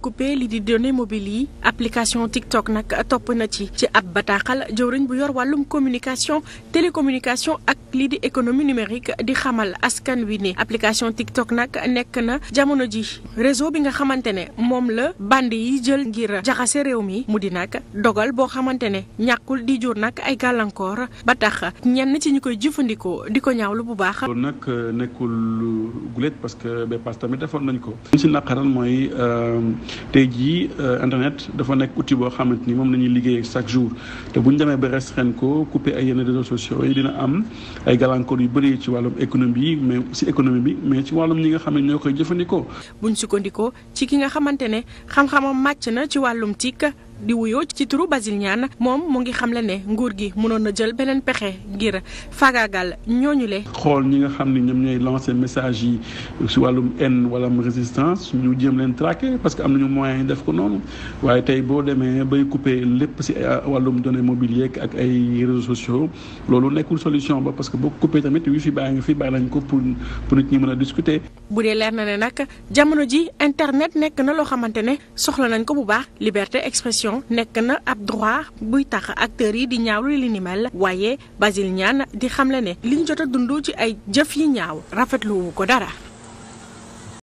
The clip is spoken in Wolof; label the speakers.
Speaker 1: coupé li di données mobiles yi application TikTok nag topp na ci ci ab bataaxal jëwriñ bu yor wàllum communication télécommunication ak lii di économie numérique di xamal askan wi ne application TikTok nag nekk na jamono ji réseau bi nga xamante ne moom la band yi jël ngir jaxase réew mi mu di nak dogal boo xamante ne ñàkkul di jur nag ay gàllankoor ba tax ñenn ci ñu koy jëfandikoo di ko ñaw la bu baax. loolu
Speaker 2: nag euh, nekkul gulet parce que ba pass defoon nañ ko. li ñu si tey jii euh, internet dafa nekk outil boo xamante ni moom la ñuy liggéey chaque jour te bu ñu demee ba restreindre ko couper ay yenn réseaux sociaux yi dina am ay gàllankoor yu bëri ci wàllum économie mais
Speaker 1: si économie bi mais ci wàllum ñi nga xam ne ñoo koy jëfandikoo. buñ sukkandikoo ci ki nga xamante ne xam-xamam màcc na ci wàllum TIC. di wuyoo ci turu Basile Niane moom mu ngi xamle ne nguur gi mënoon na jël beneen pexe ngir faagaagal ñooñu le
Speaker 2: xool ñi nga xam ne ñoom ñooy lancer message yi si wàllum haine wala résistance ñu jëm leen traquer parce que am nañu moyens yi def ko noonu waaye tey boo demee bay couper lépp si euh, wàllum données mobilier ak ay réseaux sociaux loolu nekkul solution ba parce que boo couper tamit wifi baa ngi fi bàyyi nañ ko pour pour nit ñi mën a discuter.
Speaker 1: bu dee leer na jamono ji internet nekk na loo xamante ne soxla nañ ko bu baax diffusion nekk na ab droit buy tax ak acteurs yi di ñaaw li ni mel waaye Basile Niane di xamle ne liñ jot a dund ci ay jëf yi ñaaw rafetlu wu ko dara.